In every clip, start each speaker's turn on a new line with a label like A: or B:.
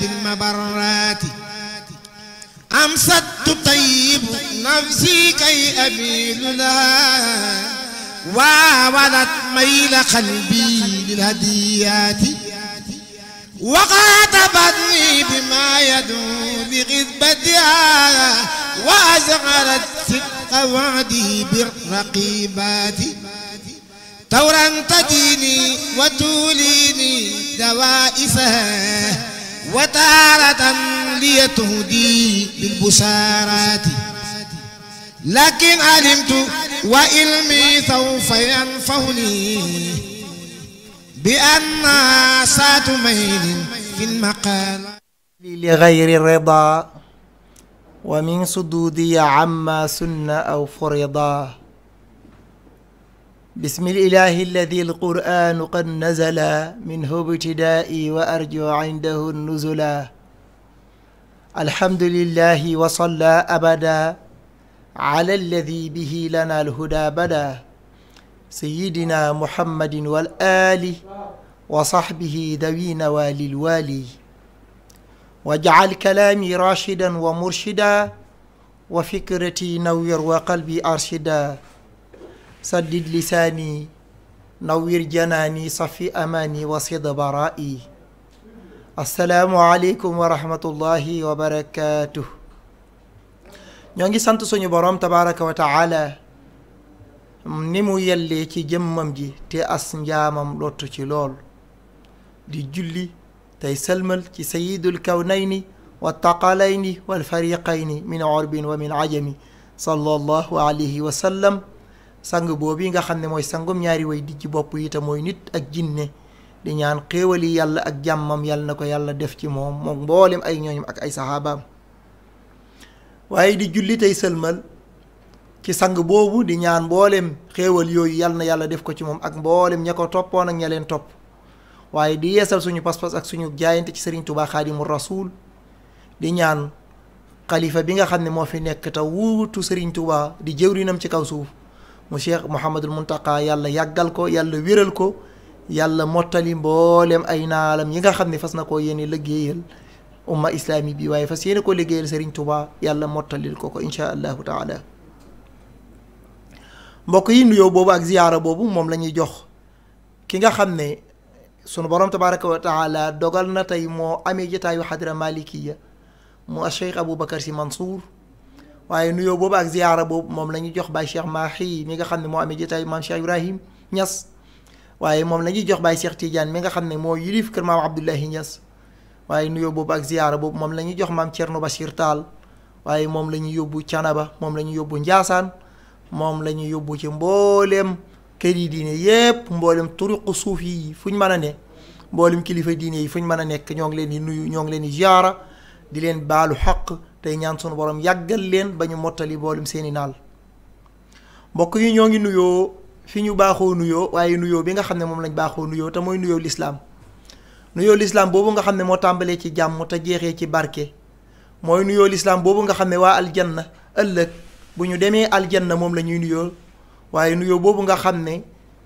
A: بالمبرات أمسدت طيب نفسي كي أميل لها واولت ميل قلبي للهديات وخاطبتني بما يدعو لغذبتها وأزغرت صدق وعده بالرقيبات تورا تديني وتوليني دوائسها وتارة ليتهدي بالبشارات لكن علمت وإلمي سوف ينفعني بأن سات ميل في المقال
B: لغير الرضا ومن صدودي عما سن أو فرضا بسم الإله الذي القرآن قد نزل منه ابتدائي وأرجو عنده النزلا الحمد لله وصلى أبدا على الذي به لنا الهدى بدا سيدنا محمد والآل وصحبه ذوي نوال الوالي واجعل كلامي راشدا ومرشدا وفكرتي نوّر وقلبي أرشدا saddid lisaani nawwir janaani safi amaani wasid baraa'i assalaamu aleykum wa rahmatullahi ñoo ngi sant suñu boroom tabaraka wa ni mu yellee ci jëmmam ji te as njaamam lottu ci lool di julli tey sëlmal ci sayidul kawnayni wattaqalayni walfariqayni min orbin wa ajami sallallahu alayhi wa sang boobu nga xam ne mooy sangum ñaari way di ci bopp itam nit ak jinne di ñaan xéewali yàlla ak jàmmam yàlla na ko yàlla def ci moom moom mboolem ay ñooñum ak ay saxaabaam waaye di julli tey sëlmal ci sang boobu di ñaan mboolem xéewal yooyu yàlla na yàlla def ko ci moom ak mboolem ña ko toppoon ak ña leen topp waaye di yeesal suñu pas-pas ak suñu jaayante ci Sëriñ Tuubaa Xaadimu Rasuul di ñaan xalifa bi nga xam ne moo fi nekk te wutu Sëriñ tubaa di jëwrinam ci kaw suuf mu cheikh mouhamadul muntaka yàlla yàggal ko yàlla wéral ko yàlla mottali mbooleem ay naalam yi nga xam ne fas na koo yéene liggéeyal umma islami bi waaye fas yéene ko liggéeyal Serigne Touba yàlla mottalil ko ko incha allahu taala mbokk yi nuyoo boobu ak ziyaara boobu moom la ñuy jox ki nga xam ne sunu borom tabaraka wa taala dogal na tey moo amee jataayu xadra malikiya mu a cheikh Aboubacar Sy Mansour waaye nuyoo boobu ak ziyaara boobu moom lañuy jox baay Cheikh Mahi mi nga xam ne moo amee jotaay maam Cheikh Ibrahim Niass waaye moom la ñuy jox baay Cheikh Tidiane mi nga xam ne moo yilif kër maam Abdullahi Niass waaye nuyoo boobu ak ziyaara boobu moom la ñuy jox maam Thierno Bachir taal waaye moom la ñuy yóbbu Canaba moom la ñuy yóbbu Njaasaan moom la ñuy yóbbu ci mbooleem kër yi diine yépp mboolem turuqu suuf yi fu ñu mën a ne mboolem kilifa diine yi fu ñu mën a nekk ñoo ngi leen di nuyu ñoo ngi leen di ziyaara di leen baalu xaq tey ñaan sunu boroom yàggal leen ba ñu mottali boolum seeni naal mbokk yi ñoo ngi nuyoo fi ñu baaxoo nuyoo waaye nuyoo bi nga xam ne moom lañ baaxoo nuyoo te mooy nuyoo lislaam nuyoo lislaam boobu nga xam ne moo tàmbalee ci jàmm te jeexee ci barke mooy nuyoo lislaam boobu nga xam ne waa aljanna ëllëg bu ñu demee aljanna moom la ñuy nuyoo waaye nuyoo boobu nga xam ne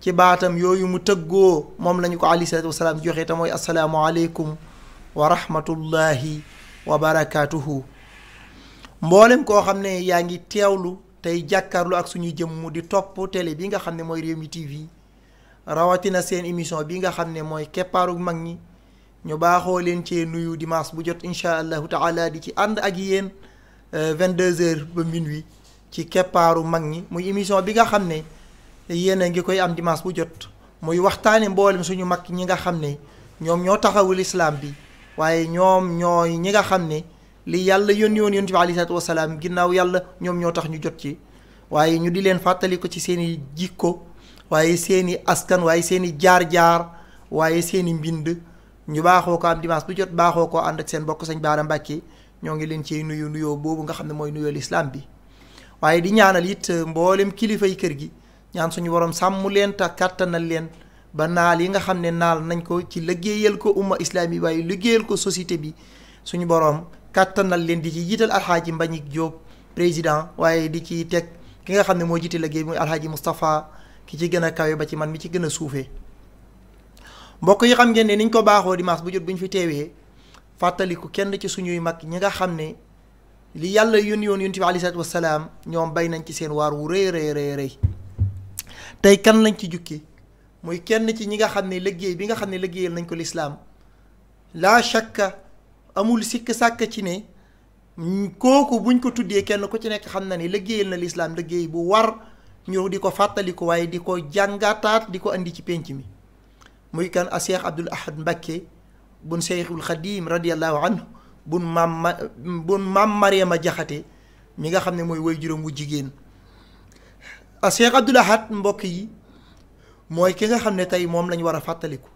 B: ci baatam yooyu mu tëggoo moom lañu ko alayhi salaatu joxe te mooy asalaamualeykum wa rahmatullahi wa barakaatuhu mboolem koo xam ne yaa ngi lu tey jàkkaarlu ak suñu jëmm di topp télé bi nga xam ne mooy réew Rewmi TV rawatina seen émission bi nga xam ne mooy keppaaru mag ñi ñu baaxoo leen cee nuyu dimanche bu jot incha allahu taala di ci ànd ak yéen 22h euh, ba minuit ci keppaaru mag ñi muy émission bi nga xam ne yéen a ngi koy am dimanche bu jot muy waxtaane mboolem suñu mag ñi nga xam ne ñoom ñoo taxawu lislaam bi waaye ñoom ñoo ñi nga xam ne li yàlla yónni yoon yonent bi aleyhi salaatu ginnaaw yàlla ñoom ñoo tax ñu jot ci waaye ñu di leen fàttali ko ci seeni i jikko waaye seen i askan waaye seen i jaar-jaar waaye seen i mbind ñu baaxoo ko am dimanche bu jot baaxoo ko ànd ak seen bokk sañ baara Mbàkke ñoo ngi leen ci nuyu nuyoo boobu nga xam ne mooy nuyoo lislaam bi waaye di ñaanal it euh, mboolem kilifay kër gi ñaan suñu borom sàmm leen te kàttanal leen ba naal yi nga xam ne naal nañ ko ci liggéeyal ko umma islaam bi waaye liggéeyal ko société bi suñu borom kàttanal leen di ci jiital alxaaji Mbagnick Diop président waaye di ci teg ki nga xam ne moo jiite liggéey muy alxaaji Moustapha ki ci gën a kawe ba ci man mi ci gën a suufee mbokk yi xam ngeen ne niñ ko baaxoo dimanche bu jot bu ñu fi teewee fàttaliku kenn ci suñuy mag ñi nga xam ne li yàlla yónni woon yonent bi aleyhi salaatu wasalaam ñoom bay nañ ci seen waar wu rëy rëy rëy rëy tey kan lañ ci jukki muy kenn ci ñi nga xam ne liggéey bi nga xam ne liggéeyal nañ ko lislaam laa shakka amul sikk sàkk ci ne kooku buñ ko tuddee kenn ku ci nekk xam na ni liggéeyal na lislaam liggéey bu war ñu di ko fàttaliku waaye di ko jàngataat di ko indi ci pénc mi muy kan a Cheikh Abdoul Ahad Mbacké bun Cheikhul Khadim radiallahu anhu bun maam ma bun Jaxate mi nga xam ne mooy way juróom wu jigéen a Cheikh Ahad mbokk yi mooy ki nga xam ne tey moom lañ war a fàttaliku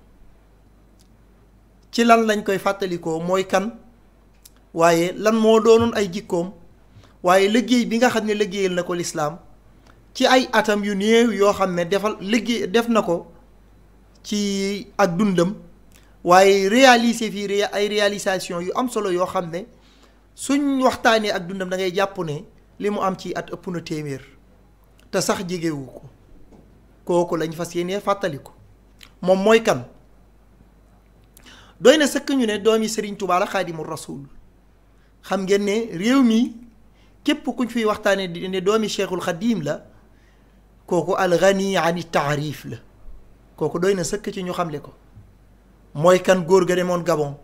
B: ci lan lañ koy fàttalikoo mooy kan waaye lan moo doonoon ay jikkoom waaye liggéey bi nga xam ne liggéeyal na ko lislaam ci ay atam yu néew yoo xam ne defal liggéey def na ko ci ak dundam waaye réaliser fii ay réalisation yu am solo yoo xam ne suñ waxtaanee ak dundam da ngay jàpp ne li mu am ci at ëpp na téeméer te sax jegewu ko kooku lañu fas yéenee fàttaliku moom mooy kan doy na sëkk ñu ne doom doomi Serigne Touba la xaadimu rasuul xam ngeen ne réew mi képp kuñ fiy waxtaane di ne yi Cheikhul Xadim la kooku alxani ani taarif la kooku doy na sëkk ci ñu xamle ko mooy kan góor ga demoon Gabon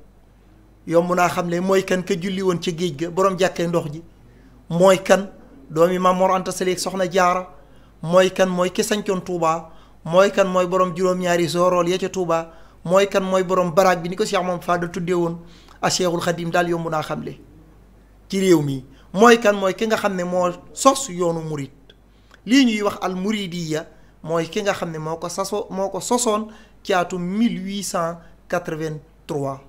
B: yomb naa xamle mooy kan ka julli woon ca géej ga borom jàkkee ndox ji mooy kan doomi Maam Mor Anta Sali soxna jaara mooy kan mooy ki sancoon Touba mooy kan mooy borom juróom-ñaari soorool ya ca Touba mooy kan mooy borom baraag bi ni ko Cheikh Mame Fadda tuddee woon a Cheikhul Khadim daal yomb naa xamle ci réew mi mooy kan mooy ki nga xam ne moo sos yoonu murit lii ñuy wax al muridiya mooy ki nga xam ne moo ko saso moo ko sosoon ci atum 1883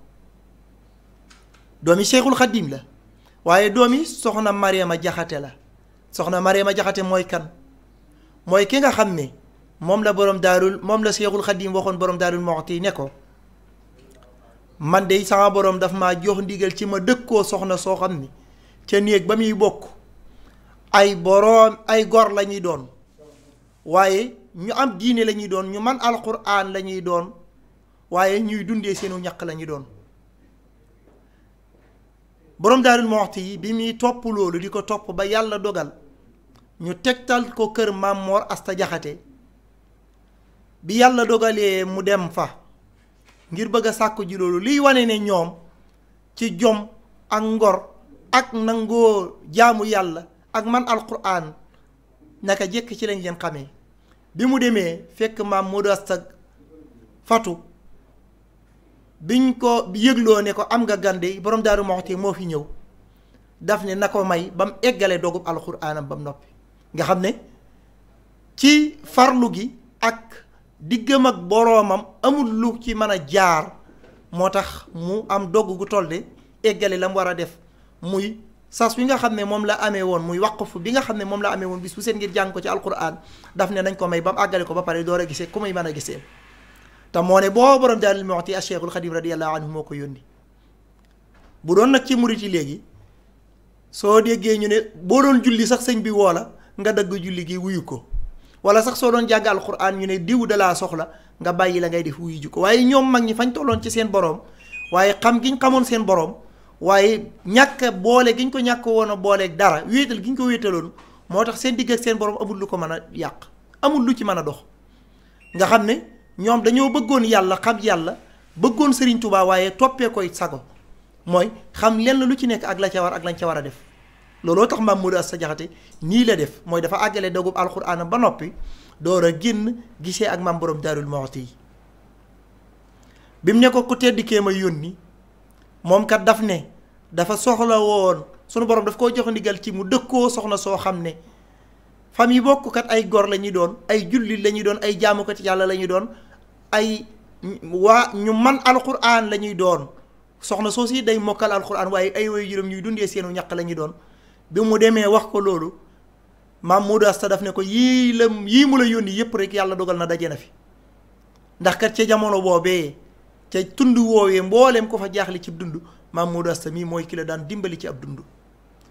B: doomi Cheikhul Khadim la waaye doomi soxna Mariama Jaxate la soxna Mariama Jaxate mooy kan mooy ki nga xam ne moom la borom daarul moom la seexul xadim waxoon borom daarul moxti ne ko man de sama boroom daf ma jox ndigal ci ma dëkkoo soxna soo xam ni ca néeg ba muy bokk ay boroom ay gor lañuy doon waaye ñu am diine la doon ñu man alquran la ñuy doon waaye ñuy dundee seenu ñaq lañuy doon boroom daarul moxti yi bi muy topp loolu di ko topp ba yàlla dogal ñu tegtal ko kër Maam Moor Asta Jaxate bi yàlla dogalee mu dem fa ngir bëgg a sàkku ji loolu liy wane ne ñoom ci jom ak ngor ak nangoo jaamu yàlla ak man alquran naka jekk ci lañ leen xamee bi mu demee fekk maam Modou Asta fatu biñ ko yëgloo ne ko am nga gande borom Daaru Muxti moo fi ñëw daf ne na ko may ba mu eggalee dogub alxuraanam ba mu noppi nga xam ne ci farlu gi ak diggam ak boroomam amul lu ci mën a jaar moo tax mu am dogg gu toll de eggale la mu war a def muy sas wi nga xam ne moom la amee woon muy wax waqfu bi nga xam ne moom la amee woon bis bu seen ngir jàng ko ci alquran daf ne nañ ko may ba mu àggale ko ba pare door a gisee ku muy mën a gisee te moo ne boo borom Daarul Muxti Cheikhul Xadim radiyallahu anhu moo ko yónni bu doon nag ci murit yi léegi soo déggee ñu ne boo doon julli sax sëñ bi woo nga dagg julli wuyu ko. wala sax soo doon jàng alxuraan ñu ne diw da laa soxla nga bàyyi la ngay def wuyu ji ko waaye ñoom mag ñi fañ tolloon ci seen boroom waaye xam giñ xamoon seen boroom waaye ñàkk boole giñ ko ñàkk woon a booleeg dara wéetal giñ ko wéetaloon moo tax seen digg ak seen boroom amul lu ko mën a yàq amul lu ci mën a dox nga xam ne ñoom dañoo bëggoon yàlla xam yàlla bëggoon Sëriñ Tuubaa waaye toppee koy sago mooy xam lenn lu ci nekk ak la ca war ak lañ ca war a def looloo tax maam Modou Asta Jaxate nii la def mooy dafa àggale dogub alxuraanam ba noppi door a génn gisee ak maam borom Daarul Muxti yi bi mu ne ko ku tedd kee ma yónni moom kat daf ne dafa soxla woon sunu borom daf koo jox ndigal ci mu dëkkoo soxna soo xam ne fam yi bokk ay gor la ñuy doon ay jullit la ñuy doon ay jaamukat yàlla la ñuy doon ay waa ñu man alxuraan la ñuy doon soxna soo si day mokkal alxuraan waaye ay way juróom yuy dundee seenu ñaq la ñuy doon bi mu demee wax ko loolu maam Modou Asta daf ne ko yii la yii mu la yónni yëpp rek yàlla dogal na daje na fi ndax kat ca jamono boobee ca tund woowee mbooleem ko fa jaaxle ci dund maam Modou Asta mii mooy ki la daan dimbali ci ab dund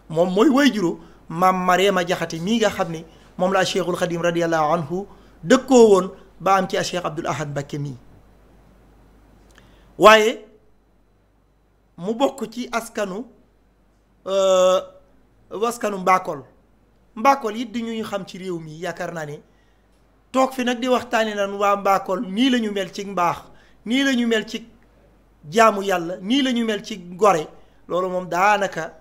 B: moom mooy wayjuro maam ma Jaxate mii nga xam ni moom laa Cheikhul Xadim radiallahu anhu dëkkoo woon ba am ci a Cheikh Abdul Ahad Mbakke mii waaye mu bokk ci askanu euh, waskanu mbaakool mbaakool yit di ñuy xam ci réew mi yaakaar naa ne toog fi nag di waxtaanee nan waa mbaakool nii la ñu mel ci mbaax nii la ñu mel ci jaamu yàlla nii la ñu mel ci gore loolu moom daanaka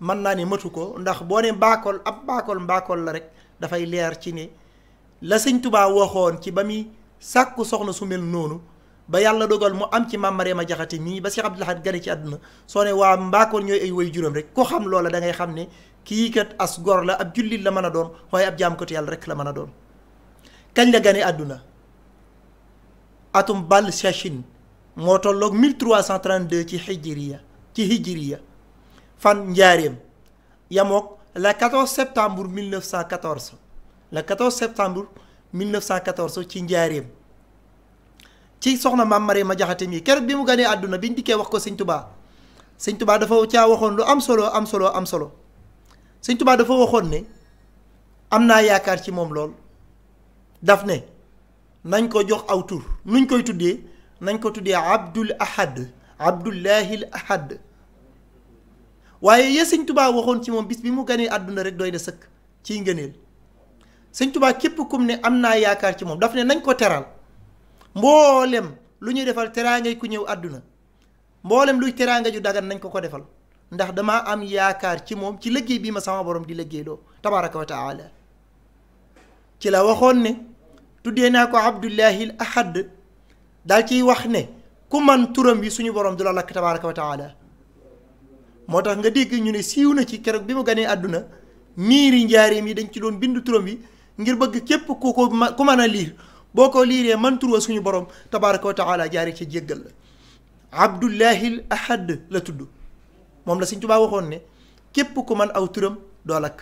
B: mën naa ne matu ko ndax boo ne Mbakol ab Mbakol Mbakol la rek dafay leer ci ne la sëñ Tuubaa waxoon ci ba muy sàkku soxna su mel noonu. ba yàlla dogal mu am ci maam Mariama Jaxate nii ba Cheikh Abdoul Ahad gane ci àdduna soo ne waa Mbakol ñooy ay way juróom rek ku xam loola da ngay xam ne kii kat as la ab jullit la mën a doon waaye ab jaamkatu yàlla rek la mën a doon kañ la gane àdduna atum bal shachin moo tolloog 1332 ci hijriya ci hijriya fan njaareem yamook le 14 septembre 1914 le 14 septembre 1914 ci njaareem ci soxna maam ma Jaxate mi keroog bi mu ganee àdduna biñ dikkee wax ko sëñ Tubaa sëñ Tubaa dafa caa waxoon lu am solo am solo am solo sëñ Tuubaa dafa waxoon ne am naa yaakaar ci moom lool daf ne nañ ko jox aw tur nuñ koy tuddee nañ ko tuddee Abdul Ahad Abdullahil Ahad waaye yee sëñ Tuubaa waxoon ci moom bis bi mu ganee àdduna rek doy na sëkk ciy ngëneel sëñ Tuubaa képp kum ne am naa yaakaar ci moom daf ne nañ ko teral mboolem lu ñuy defal teraangay ku ñëw àdduna mboolem luy teraanga ju dagan nañ ko ko defal ndax damaa am yaakaar ci moom ci liggéey bii ma sama borom di liggéey loo tabaraka wa ci la waxoon ne tuddee naa ko abdullahil ahad daal ciy wax ne ku man turam wi suñu borom du la lakk tabaraka wa moo tax nga dégg ñu ne siiw na ci keroog bi mu ganee àdduna miiri njaareem yi dañ ci doon bind turam wi ngir bëgg képp ku ko ku mën a liir boo ko liiree man tur suñu borom tabaraka wa taala jaare ci jéggal la abdullahil ahad la tudd moom la Sëñ Tuubaa waxoon ne képp ku man aw turam doo lakk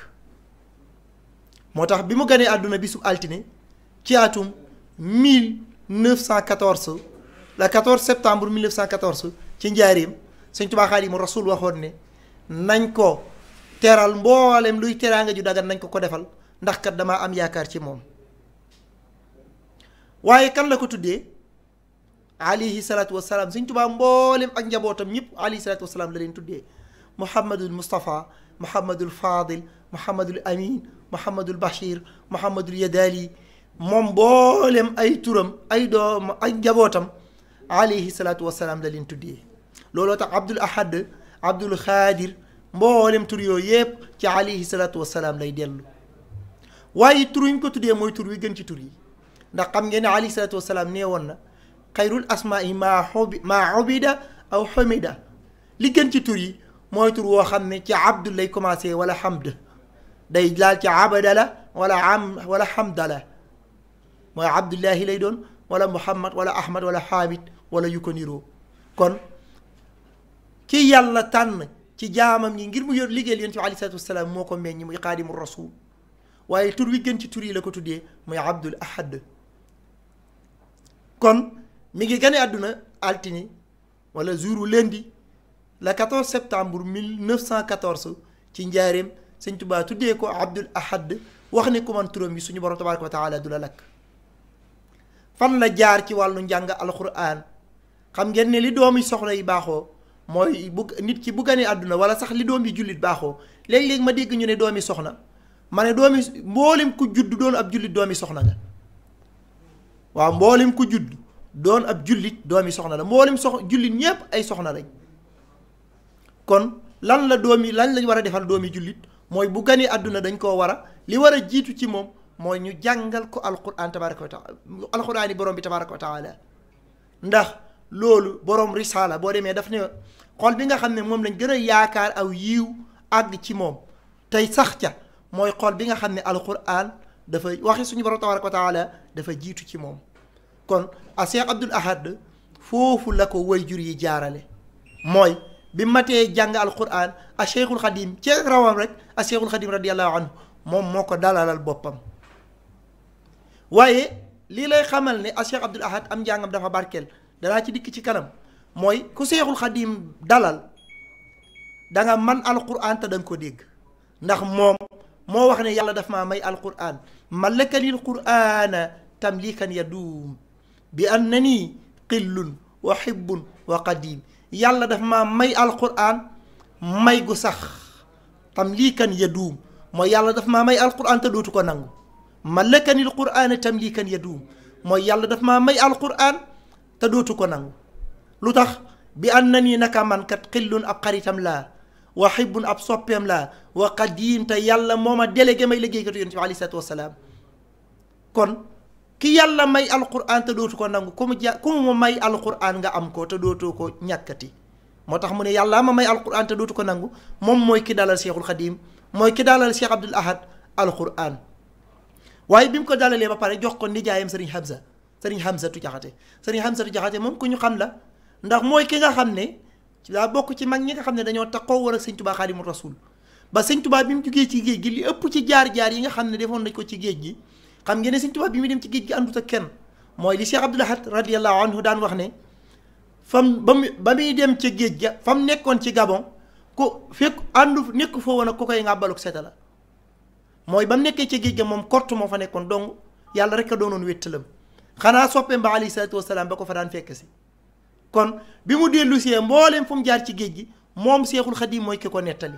B: moo tax bi mu ganee àdduna bi bisub altine ci atum 1914 le 14 septembre 1914 ci njaareem Sëñ Tuubaa Xaadimu Rasuul waxoon ne nañ ko teral mboolem luy teraanga ju dagan nañ ko ko defal ndax kat damaa am yaakaar ci moom waaye kan la ko tuddee alayhi salaatu wasalaam sëñ tubaa mboolem ak njabootam ñëpp alayhi salaatu wasalaam la mu tuddee mouhamadul moustapha mouhamadul fadil mouhamadul amin mouhamadul bachir moom mboolem ay turam ay doom ay njabootam alayhi salaatu wasalaam la leen tuddee looloo tax abdul ahad abdul xaadir mboolem tur yooyu yëpp ci alayhi salaatu wasalaam lay dellu waaye tur yi ñu ko tuddee mooy tur wi gën ci tur yi ndax xam ngeen ne alayhi wasalaam nee woon na xayrul asmaa yi maa xobi maa obida aw xomida li gën ci tur yi mooy tur woo xam ne ci abdu lay commencé wala xamd day laal ci abada wala am wala hamda la mooy abdullahi lay doon wala muhammad wala ahmad wala hamid wala yu ko niroo kon ki yàlla tànn ci jaamam ñi ngir mu yor liggéey yonent bi aleyhi salaatu moo ko meññ muy xaadimu rasul waaye tur wi gën ci tur la ko tuddee muy abdul ahad kon mi ngi gane àdduna altini wala leen di le 14 septembre 1914 ci njaareem sëñ Tuubaa tuddee ko Abdul Ahad wax ni kuman turam yi suñu borom tabaaraka wa taala du la lakk fan la jaar ci wàllu njàng alxuraan xam ngeen ne li doomi soxna yi baaxoo mooy bu nit ki bu gane àdduna wala sax li doom yi jullit baaxoo léeg-léeg ma dégg ñu ne doomi soxna ma ne doomi mboolem ku judd doon ab jullit doomi soxna nga waaw mboolem ku judd doon ab jullit doomi soxna la mboolem sox jullit ñépp ay soxna lañ kon lan la doomi lan lañ war a defal doomi jullit mooy bu gani àdduna dañ koo war a li war a jiitu ci moom mooy ñu jàngal ko alquran tabaraka wa taala alquran yi borom bi tabaraka wa taala ndax loolu borom risaala boo demee daf ne xol bi nga xam ne moom lañ gën a yaakaar aw yiiw àgg ci moom tey sax ca mooy xol bi nga xam ne alquran dafa waxe suñu borom tabaraka wa dafa jiitu ci moom kon a Cheikh Abdoul Ahad foofu la ko jur yi jaarale mooy bi matee jàng alquran a Cheikhul Xadim ci rawam rek a Cheikhul Xadim radiallahu anhu moom moo ko dalalal boppam waaye lii lay xamal ne a Cheikh Abdoul Ahad am njàngam dafa barkeel danaa ci dikk ci kanam mooy ku Cheikhul Xadim dalal danga man alquran te danga ko dégg ndax moom moo wax ne yàlla daf maa may alquran malakanil qurana tamlikan ya duum bi an na nii xillun wa xibbun wa qadim yàlla daf maa may alquran may gu sax tamlikan yaduum mooy yàlla daf maa may alquran te dootu ko nangu malakanil quraan tamlikan yaduum mooy yàlla daf maa may alquran te dootu ko nangu lu tax bi an na nii naka man kat xillun ab xaritam laa wa xibbun ab soppeem la wa qadim te yàlla moo ma délégué may liggéeykatu yonent bi alayhi salaatu wasalaam kon ki yàlla may alquran te dootu ko nangu ku mu ja may mu may alquran nga am ko te dootoo ko ñàkkati moo tax mu ne yàlla ma may alquran te dootu ko nangu moom mooy ki dalal cheikhul xadim mooy ki dalal cheikh abdul ahad alquran waaye bi mu ko dalalee ba pare jox ko nijaayam sëriñ Hamza sëriñ Hamzatu Jaxate sëriñ Hamzatu Jaxate moom ku ñu xam la ndax mooy ki nga xam ne daa bokk ci mag ñi nga xam ne dañoo taxaw war ak sëñ tubaa xaadimu rasul ba sëñ tubaa bi mu jugee ci géej gi li ëpp ci jaar-jaar yi nga xam ne defoon nañ ko ci géej gi xam ngeen ne sëñ Tuubaa bi muy dem ci géej gi àndut ak kenn mooy li Cheikh Abdoul Ahad radiyallahu anhu daan wax ne fam ba mu ba muy dem ca géej ga fa mu nekkoon ci Gabon ko fekk àndu nekk foo woon ak ku koy ngàbbaluk seeta la mooy ba mu nekkee ca géej ga moom kort moo fa nekkoon dong yàlla rek a doonoon wéttalam xanaa soppee mba alayhi ba ko fa daan fekk si kon bi mu dellu see mbooleem fu mu jaar ci géej gi moom Seexul Xadiim mooy ki ko nettali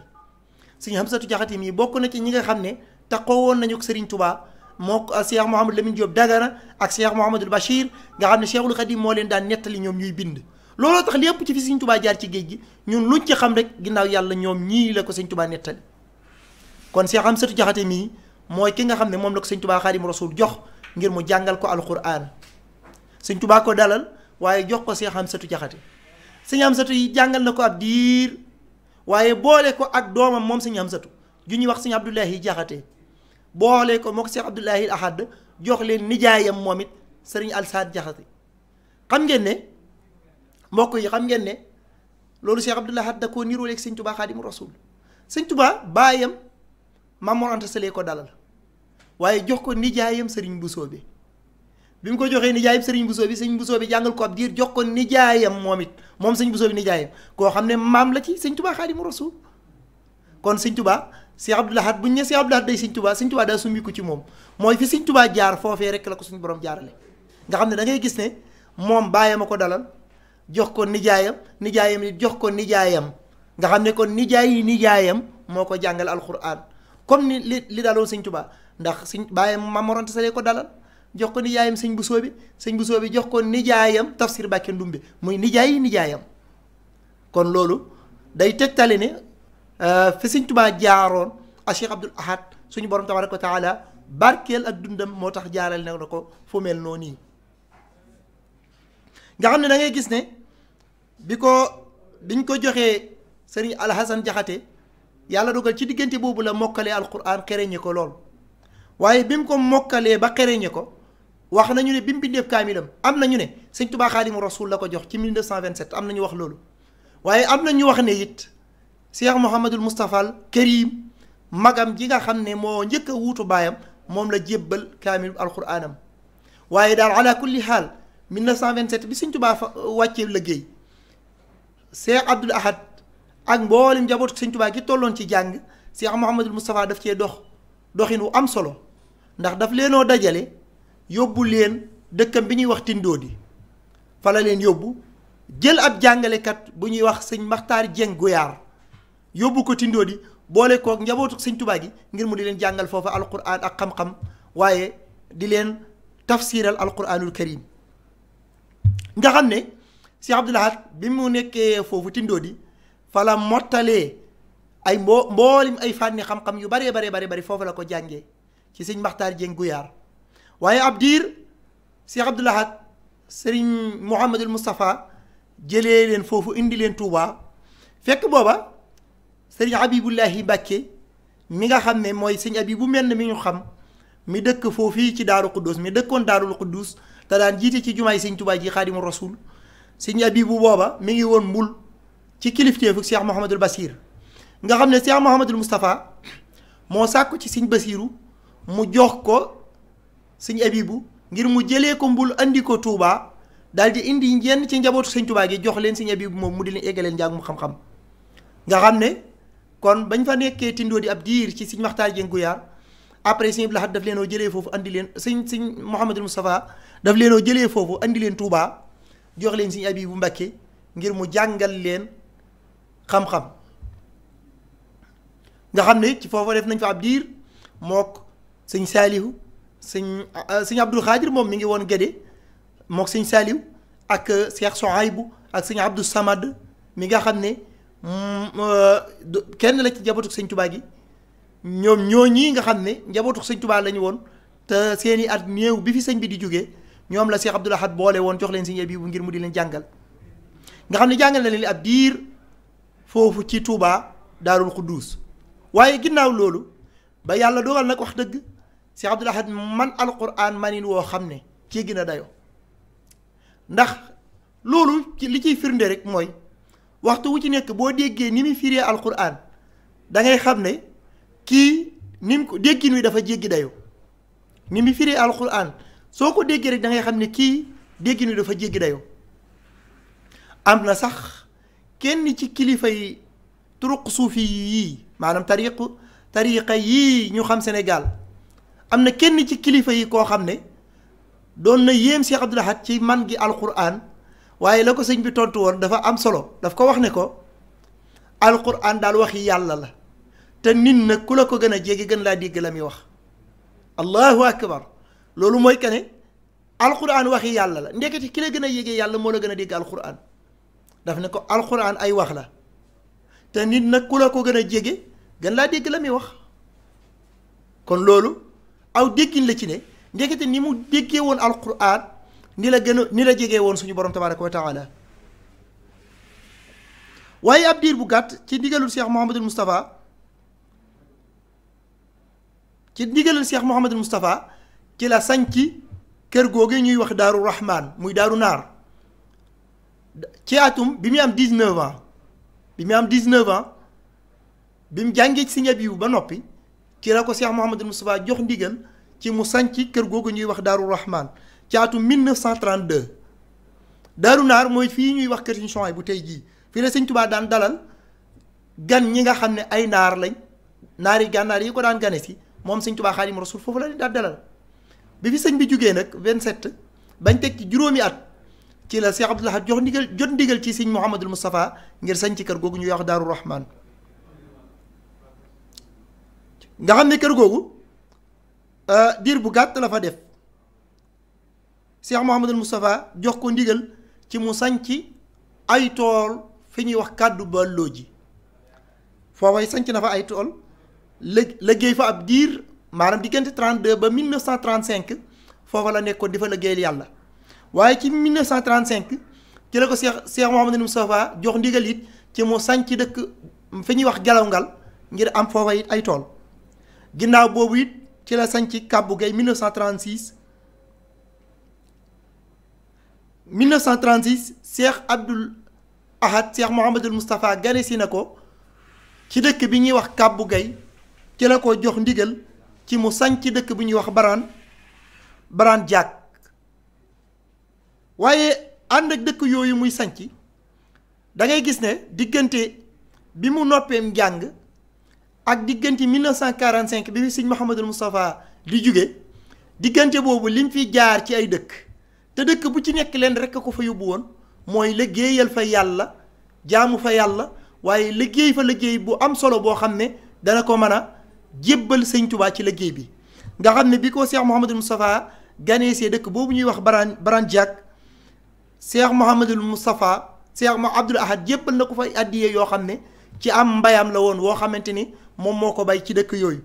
B: suñu Xamsatu Jaxate mii bokk na ci ñi nga xam ne tax taxawoon nañu ak Sëriñ Tubaa moo ko Cheikh Mouhamad Lamine Diop Dagana ak Cheikh Mouhamadul Bachir nga xam ne Cheikhul Khadim moo leen daan nettali ñoom ñuy bind looloo tax lépp ci fi Sëñ Tubaa jaar ci géej gi ñun lu luñ ci xam rek ginnaaw yàlla ñoom ñii la ko Sëñ Tubaa nettali kon Cheikh Amsatu Jaxate mii mooy ki nga xam ne moom la ko Sëñ Tubaa Xaadimu Rasuul jox ngir mu jàngal ko alquran Sëñ Tubaa ko dalal waaye jox ko Cheikh Amsatu Jaxate Sëñ Amsatu yi jàngal na ko ab diir waaye boole ko ak doomam moom Sëñ Amsatu ñuy wax Sëñ Abdoulahi Jaxate boo boole ko mook Cheikh Abdoulahi Ahad jox leen nijaayam moom it sëriñ Alsaan Jaxate xam ngeen ne mbokk yi xam ngeen ne loolu Cheikh Abdoulahi Ahad da koo niroole ak sëñ Tubaa Xaadimu Rasuul sëñ Tubaa baayam Mamoor ko dalal waaye jox ko nijaayam sëriñ Bousso bi bi mu ko joxee nijaayam sëriñ Bousso bi sëñ Bousso bi jàngal ko ab diir jox ko nijaayam moom it moom sëñ Bousso bi nijaayam koo xam ne maam la ci sëñ Tubaa Xaadimu Rasuul kon sëñ Tubaa Cheikh Abdoul Ahad bu ñu ne Cheikh Abdoul Ahad day Sëñ Tuubaa Sëñ Tuubaa daa sumbiku ci moom mooy fi Sëñ Tuubaa jaar foofee rek la ko suñu borom jaarale nga xam ne da gis ne moom bàyyam a ko dalal jox ko nijaayam nijaayam ni jox ko nijaayam nga xam ne kon nijaay yi nijaayam moo ko jàngal alxuraan comme ni li li daloon Sëñ Tuubaa ndax Sëñ bàyyam mamoronte salee ko dalal jox ko nijaayam Sëñ Busoo bi Sëñ Busoo bi jox ko nijaayam tafsir Mbàkke Ndumbe muy nijaay yi nijaayam kon loolu day tegtali ne Euh, fi sëñ Tuubaa jaaroon a Cheikh Abdoul Ahad suñu borom tabaraka wa taala barkeel ak dundam moo tax jaaral ne la ko fu mel noonu yi nga xam ne da ngay gis ne bi ko biñ ko joxee sëriñ Alhasan Jaxate yàlla dogal ci diggante boobu la mokkalee alquran xereñe ko lool waaye bi mu ko mokkalee ba xereñe ko wax nañu ne bi mu bindeef kaamilam am nañu ne sëñ Tuubaa Xaadimu Rasuul la ko jox ci 1927 am nañu wax loolu waaye am nañu wax ne it Cheikh Mouhamadul Moustapha Karim magam ji nga xam ne moo njëkk a wuutu baayam moom la jébbal kaamil alquraanam waaye daal ala kulli xaal 1927 bi Sëñ Tuubaa fa euh, wàccee liggéey Cheikh Abdoul Ahad ak mboolem njabootu Sëñ Tuubaa gi tolloon ci jàng Cheikh Mouhamadul Moustapha daf cee dox doxin wu am solo ndax daf leenoo dajale yóbbu leen dëkkam bi ñuy wax tindoo di fala leen yóbbu jël ab jàngalekat bu ñuy wax sëñ Maxtaar Jeng Guyaar yóbbu ko Tindodi boole kook njabootu sëñ Tuubaa gi ngir mu di leen jàngal foofa alquran ak xam-xam waaye di leen tafsiral alquranul karim nga xam ne Cheikh Abdoul bi mu nekkee foofu Tindodi fa la mottalee ay mbo mboolim ay fànni xam-xam yu baree baree bari bari foofu la ko jànge ci sëñ Maxtaar Dieng Guyaar waaye ab diir Cheikh Abdoul Ahad sëriñ Mouhamadul Moustapha jëlee leen foofu indi leen Touba fekk booba. sëriñ Habibullahi Mbàkke mi nga xam ne mooy sëñ Habibu mel mi ñu xam mi dëkk foofii ci Daaru Quddus mi dëkkoon Daarul Quddus te daan jiite ci jumaay sëñ Tuubaa ji Xaadimu Rasuul sëñ Habibu booba mi ngi woon mbul ci kilifteefu Cheikh Mouhamadul Basir nga xam ne Cheikh Mouhamadul Moustapha moo sàkku ci sëñ Basiru mu jox ko sëñ Habibu ngir mu jëlee ko mbul indi ko tuubaa daal di indi yenn ci njabootu sëñ Touba gi jox leen sëñ Habibu moom mu di leen eggaleen njàng mu xam-xam nga xam ne kon bañ fa nekkee tindoo di ab diir ci sëñ Maxtaar Jeng Guyaar après sëñ Abdou daf leenoo jëlee foofu andi leen sëñ sëñ Mouhamadul Moustapha daf leenoo jëlee foofu indi leen Touba jox leen sëñ bu Mbakke ngir mu jàngal leen xam-xam nga xam ne ci foofu def nañ fa ab diir mook sëñ Saalihu sëñ ah, sëñ Abdul Xaadir moom mi ngi woon Gédé mook sëñ Saalihu ak Cheikh Sohaybu ak sëñ Abdou Samad mi nga xam ne Mm, euh, kenn la ci njabootu sëñ tubaa gi ñoom ñoo ñii nga xam ne njabootu sëñ tubaa lañu woon te seeni at néew bi fi sëñ bi di jógee ñoom la Cheikh Abdoul Ahad boole woon jox leen si bi bu ngir mu di leen jàngal nga xam ne jàngale na leen ab biir foofu ci Touba Daarul Xudduus waaye ginnaaw loolu ba yàlla dogal nag wax dëgg Cheikh Abdoul Ahad man alquran manin woo xam ne cee gën a dayoo ndax loolu ci li ciy firnde rek mooy waxtu wu ci nekk boo déggee ni muy firee alquran da ngay xam ne kii ni mu ko déggin wi dafa jéggi dayoo ni muy firee alquran soo ko déggee rek da xam ne kii déggin wi dafa jéggi dayoo am na sax kenn ci kilifa yi turuq suufi yii maanaam tariq tariqa yii ñu xam Sénégal am na kenn ci kilifa yi koo xam ne doon na yéem si Abdoul Ahad ci man gi alquran waaye la ko sëñ bi tontu woon dafa am solo daf ko wax ne ko alquran daal waxi yàlla la te nit nag ku la ko gën a jéggi gën laa dégg la muy wax allahu akbar loolu mooy que ne alquran waxi yàlla la ndekete ki la gën a yégee yàlla moo la gën a dégg alquran ne ko alquran ay wax la te nit nag ku la ko gën a jéggi gën laa dégg la wax kon loolu aw déggin la ci ne ndekete ni mu déggee woon alquran ni la gën a ni la jege woon suñu borom tabaraka wa taala waaye ab diir bu gàtt ci ndigalul Cheikh Mouhamadul Moustapha ci ndigalul Cheikh Mouhamadul Moustapha ci la sanci kër googu ñuy wax Daaru Rahman muy Daaru Naar ci atum bi muy am 19 ans bi bi mu jàngee ci Sëñ ba noppi ci la ko Cheikh Mouhamadul Moustapha jox ndigal ci mu sanci kër googu ñuy wax Daaru Rahman caatu 1932 Daaru Naar mooy fii ñuy wax kër Sëñ bu tey jii fii la Sëñ Tuubaa daan dalal gan ñi nga xam ne ay naar lañ naari gànnaar yi ko daan gane si moom Sëñ Tuubaa Xaadimu Rasuul foofu la daan dalal bi fi sëñ bi jugee nag 27 bañ teg ci juróomi at ci la Cheikh Abdoul Ahad jox ndigal jot ndigal ci Sëñ Mouhamadul Moustapha ngir sañ ci kër googu ñuy wax Daaru Rahman nga xam ne kër googu euh, diir bu gàtt la fa def. Cheikh Mouhamadul Moustapha jox ko ndigal ci mu sanc ay tool fi ñuy wax kàddu balloo ji foofay sanc na fa ay tool lég liggéey fa ab diir maanaam diggante 32 ba 1935 foofa la nekkoon di fa liggéeyal yàlla waaye ci 1935 ci la ko Cheikh Cheikh Mouhamadul Moustapha jox ndigal it ci mu sanc dëkk fi ñuy wax gelaw ngal ngir am foofa ay tool ginnaaw boobu it ci la sanc Kàbbu Gay 1936 1936 Cheikh Abdoul Ahad Cheikh Mouhamadul Moustapha gane si na ko ci dëkk bi ñuy wax Kàbbu Gay ci la ko jox ndigal ci mu sañ ci dëkk bi ñuy wax Baraan Baraan Jàkk waaye ànd ak dëkk yooyu muy sañc dangay gis ne diggante bi mu noppeem njàng ak diggante 1945 bi fi sëñ Mouhamadul Moustapha di jóge diggante boobu lim fi jaar ci ay dëkk te dëkk bu ci nekk leen rek a ko fa yóbbu woon mooy liggéeyal fa yàlla jaamu fa yàlla waaye liggéey fa liggéey bu am solo boo xam ne dana ko mën a jébbal sëñ Tuubaa ci liggéey bi nga xam ne bi ko Cheikh Mouhamadul Moustapha ganeesee dëkk boobu ñuy wax baran baranjak Cheikh Mouhamadul Moustapha Cheikh ma Abdoul Ahad jébbal na ko fa addiyee yoo xam ne ci am mbayam la woon woo xamante ni moom moo ko bay ci dëkk yooyu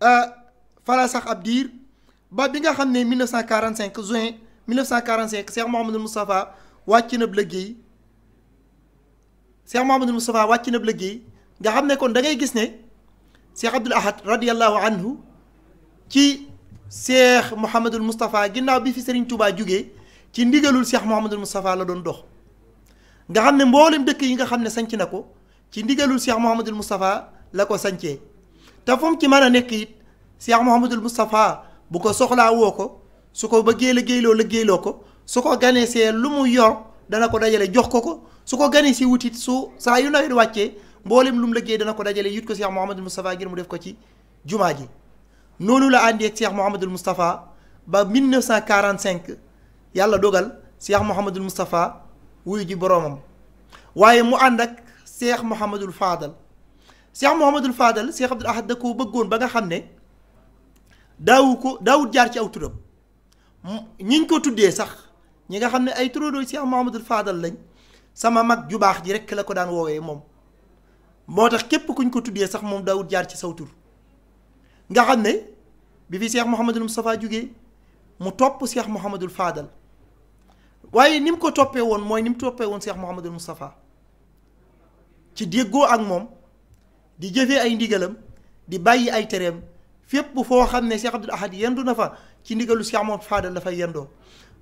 B: euh, ba bi nga xam ne 1945 juin 1945 Cheikh Mouhamadul Moustapha wàcc na liggéey Cheikh Mouhamadul Moustapha wàcc na liggéey nga xam ne kon da ngay gis ne Cheikh Abdoul Ahad radiyallahu anhu ci Cheikh Mouhamadul Moustapha ginnaaw bi fi Serigne Touba jugee ci ndigalul Cheikh Mouhamadul Moustapha la doon dox nga xam ne mboolem dëkk yi nga xam ne sañc na ko ci ndigalul Cheikh Mouhamadul Moustapha la ko sancee te fu mu ci man a nekk it Cheikh Mouhamadul Moustapha. bu ko soxlaa woo ko su ko bëggee liggéeyloo liggéeyloo ko su ko ganesee lu mu yor dana ko dajale jox ko ko su ko ganesee wutit su saa yu nawet wàccee mboolem lu mu liggéey dana ko dajale yit ko Cheikh Mouhamadul Moustapha mu def ko ci jumaa ji noonu la àndee ak Cheikh Mouhamadul Moustapha ba 1945 yàlla dogal Cheikh Mouhamadul Moustapha wuyu ji boroomam waaye mu ànd ak Cheikh Mouhamadul Fadal Cheikh Mouhamadul Fadal Cheikh Abdoul Ahad da koo bëggoon ba nga xam ne. daawu ko daawut jaar ci aw turam ñiñ ko tuddee sax ñi nga xam ne ay turandoo Cheikh Mouhamadul Fadal lañ sama mag ju baax ji rekk la ko daan woowee moom moo tax képp kuñ ko tuddee sax moom daawut jaar ci saw nga xam ne bi fi Cheikh Mouhamadul Moustapha jóge mu topp Cheikh Mouhamadul Fadal waaye ni mu ko toppee woon mooy ni mu toppee woon Cheikh Mouhamadul Moustapha ci déggoo ak moom di jëfee ay ndigalam di bàyyi ay tereem fépp foo xam ne Cheikh Abdoul Ahad yendu na fa ci ndigalu Cheikh Mouhamed Fadal la yendoo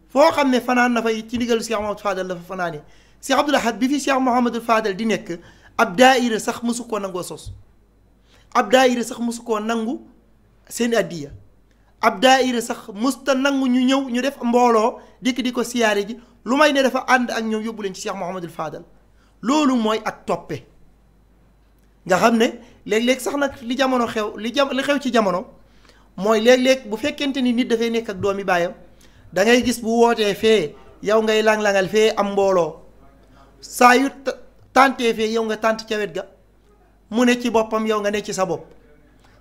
B: foo xam ne fanaan na fay ci ndigalu Cheikh Mouhamed Fadal la fa fanaane Cheikh Abdoul Ahad bi fi Cheikh Mouhamadul Fadal di nekk ab daayira sax mësu koo nangoo sos ab sax mësu koo nangu seen addiya ab daayira sax mësta nangu ñu ñëw ñu def mbooloo dikk di ko siyaare ji lu may ne dafa ànd ak ñoom yóbbu leen ci Cheikh Mouhamadul Fadal loolu mooy ak toppe nga xam ne léegi léeg sax nag li jamono xew li jam li xew ci jamono mooy léeg-léeg bu fekkente ni nit dafay nekk ak doomi baayam da ngay gis bu wootee fee yow ngay lang-langal fee am mbooloo saa yu tàntee fee yow nga tànt ca wet ga mu ne ci boppam yow nga ne ci sa bopp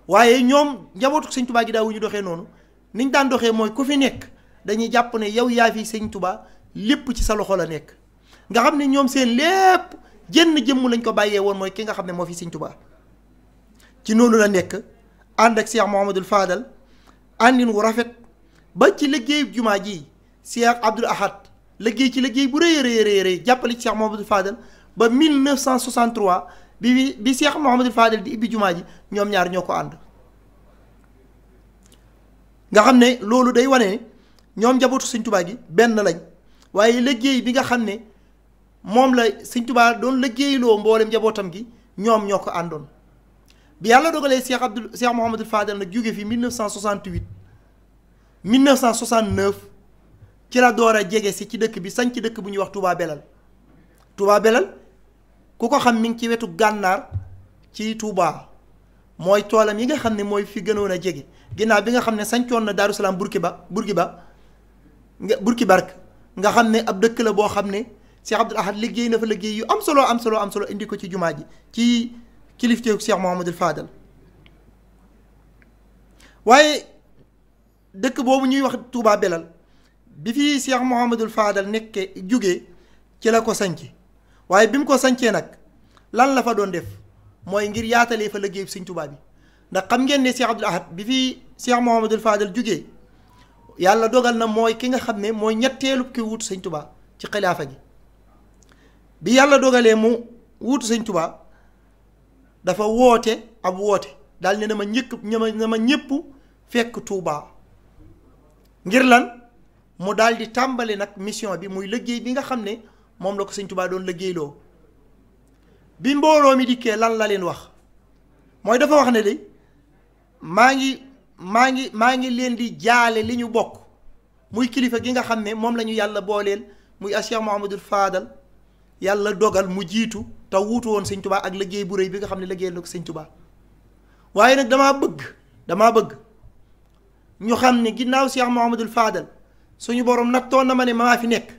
B: waaye ñoom njabootu sëñ tubaa gi daa wu ñu doxee noonu niñ daan doxee mooy ku fi nekk dañuy jàpp ne yow yaa fi sëñ tubaa lépp ci sa loxo la nekk nga xam ne ñoom seen lépp jënn jëmm lañ ko bàyyee woon mooy ki nga xam ne moo fi sëñ tubaa ci noonu la nekk ànd ak Cheikh Mouhamadul Fadal àndin wu rafet ba ci liggéey jumaa ji Cheikh Abdoul Ahad liggéey ci liggéey bu rëy rëy rëy rëy jàppale ci Cheikh Mouhamadul Fadal ba 1963 bi bi Cheikh Mouhamadul Fadal di ibbi jumaa ji ñoom ñaar ñoo ko ànd nga xam ne loolu day wane ñoom njabootu Sëñ Tuubaa gi benn lañ waaye liggéey bi nga xam ne moom la Sëñ Tuubaa doon liggéeyloo mboolem njabootam gi ñoom ñoo ko àndoon bi yàlla dogalee Cheikh Abdoul Cheikh Mouhamadul Fadel nag jóge fi 1968 1969 ci la door a jege si ci dëkk bi sañ ci dëkk bu ñuy wax Touba Belal Touba Belal ku ko xam mi ngi ci wetu gànnaar ci Touba mooy toolam yi nga xam ne mooy fi gën a won a jege ginnaaw bi nga xam ne sañ sañcoon na Darou Salaam Bourguiba Bourguiba nga Bourguibark nga xam ne ab dëkk la boo xam ne Cheikh Abdoul Ahad liggéey na fa liggéey yu am solo am solo am solo indi ko ci jumaa ji ci. kilifteeku Cheikh Mouhamadul faadal waaye dëkk boobu ñuy wax Touba Belal bi fii Cheikh Mouhamadul faadal nekkee jóge ci la ko sanc waaye bi mu ko sancee nag lan la fa doon def mooy ngir yaatalee fa liggéeyu Sëñ Touba bi ndax xam ngeen ne Cheikh Abdoul Ahad bi fii Cheikh Mouhamadul Fadal jóge yàlla dogal na mooy ki nga xam ne mooy ñetteelu ki wut Sëñ Touba ci xilaafa gi bi yàlla dogalee mu wutu Sëñ Touba dafa woote ab woote daal ne na ma njëkk na ma ñëpp fekk tuubaa ngir lan mu dal di tàmbali nag mission bi muy liggéey bi nga xam ne moom la ko sëñ Touba doon liggéeyloo bi mbooloo mi dikkee lan la leen wax mooy dafa wax ne de maa ngi maa ngi maa ngi leen di jaale li ñu bokk muy kilifa gi nga xam ne moom lañu yàlla booleel muy Cheikh Mouhamadul Fadal yàlla dogal mu jiitu te wuutu woon sëñ tubaa ak liggéey bu rëy bi nga xam ne liggéey la ko sëñ tubaa waaye nag damaa bëgg damaa bëgg ñu xam ne ginnaaw Cheikh Mouhamadul Fadal suñu borom nattoon na ma ne maa fi nekk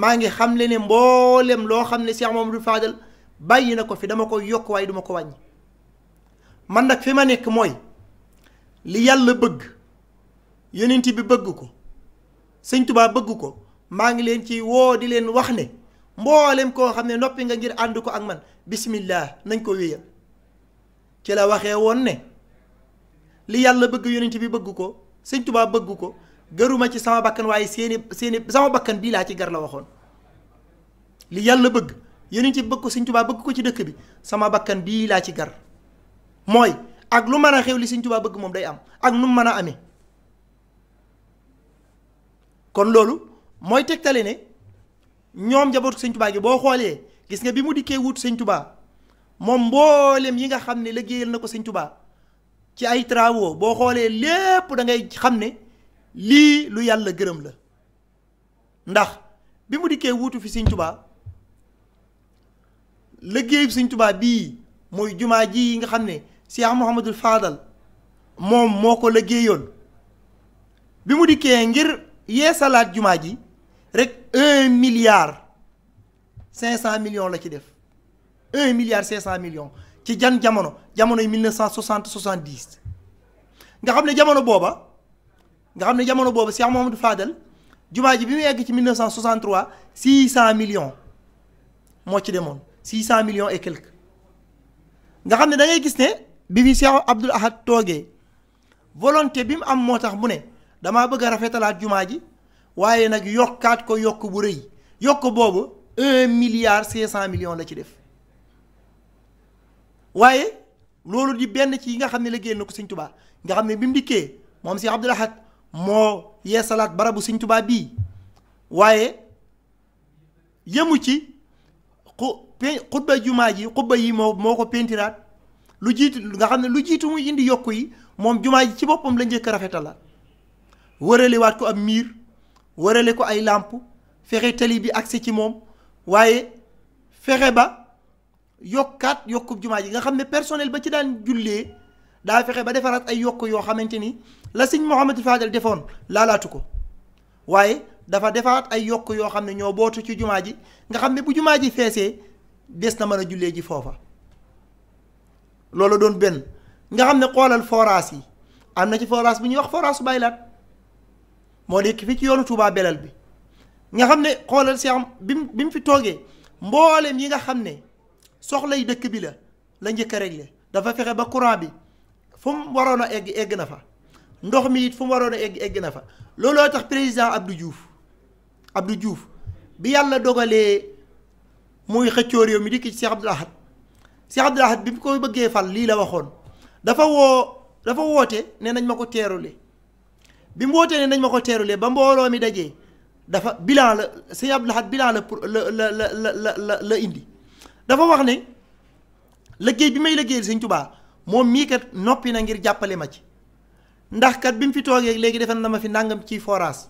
B: maa ngi xam le ne mboolem loo xam ne Cheikh Mouhamadul Fadal bàyyi na ko fi dama ko yokk waaye duma ko wàññi man nag fi ma nekk mooy li yàlla bëgg yonent bi bëgg ko sëñ tubaa bëgg ko maa ngi leen ci woo di leen wax ne mboolem koo xam ne noppi nga ngir ànd ko ak man bismillah nañ ko wéyal ci la waxee woon ne li yàlla bëgg yonent bi bëgg ko sëñ Tuubaa bëgg ko gëruma ci sama bakkan waaye seeni seeni sama bakkan bii laa ci gar la waxoon li yàlla bëgg yonent bi bëgg ko sëñ Tuubaa ko ci dëkk bi sama bakkan bii laa ci gar mooy ak lu mën a xew li sëñ Tuubaa bëgg moom day am ak nu mu mën a ame kon loolu mooy tegtale ne ñoom njabootu sëñ tubaa gi boo xoolee gis nga bi mu dikkee wut sëñ tubaa moom mboolem yi nga xam ne liggéeyal na ko sëñ tubaa ci ay travaux boo xoolee lépp da xam ne lii lu yàlla gërëm la ndax bi mu dikkee wuutu fi sëñ tubaa liggéeyu sëñ tubaa bii mooy jumaa ji yi nga xam ne Cheikh Mouhamadul Fadal moom moo ko liggéeyoon bi mu dikkee ngir yee salaat jumaa ji rek un milliard cinq cent millions la ci def un milliard cinq cent million ci jan jamono jamono yi mille neuf cent nga xam ne jamono booba nga xam ne jamono booba Cheikh Mouhamadou Fadel jumaa ji bi mu egg ci mille neuf cent cent millions moo ci demoon six cent millions et quelques nga xam ne dangay gis ne bi fi Cheikh Abdoul Ahad toogee volonté bi mu am moo tax mu ne damaa bëgg a rafetalaat jumaa ji waaye nag yokkaat ko yokk bu rëy yokk boobu un milliard cinq cent millions la ci def waaye loolu di benn ci yi nga xam ne la génn ko Sëñ Tubaa nga xam ne bi mu dikkee moom si Abdul Ahad moo yeesalaat barabu Sëñ Tubaa bii waaye yëmu ci xu xutba jumaa ji xutba yi moo moo ko pentiraat lu jiitu nga xam ne lu jiitu mu indi yokk yi moom jumaa ji ci boppam la njëkk rafetalaat wëralewaat ko ab miir warale ko ay làmp fexe tali bi accès ci moom waaye fexe ba yokkaat yokkub jumaa ji nga xam ne personnel ba ci daan jullee daa fexe ba defaraat ay yokk yoo xamante ni la sëñ Mouhamadou Fadel defoon laalaatu ko waaye dafa defaat ay yokk yoo xam ne ñoo bootu ci jumaa ji nga xam ne bu jumaa ji feesee des na mën a jullee ji foofa loolu doon benn nga xam ne xoolal forage yi am na ci forage bu ñuy wax forage su baylaat moo nekk fii ci yoonu Touba belal bi nga xam ne xoolal si am bi mu bi mu fi toogee mbooleem yi nga xam ne soxlay dëkk bi la la njëkka a réglé dafa fexe ba courant bi fu mu waroon a egg egg na fa ndox mi it fu mu waroon a egg egg na fa loolu looloo tax président Abdou Diouf Abdou juuf bi yàlla dogalee muy xëccoo réew mi dikk ci Cheikh Abdoul Ahad Cheikh Abdoul Ahad bi mu ko bëggee fal lii la waxoon dafa woo dafa woote ne nañ ma ko teerule bi mu wootee nañ ma ko teerulee ba mbooloo mi dajee dafa bilan la sëñ Abdou Lahad bilan la pour la la la indi dafa wax ne liggéey bi may liggéeyal sëñ Tubaa moom mii kat noppi na ngir jàppale ma ci ndax kat bi mu fi toogee léegi defal na ma fi nangam ci forage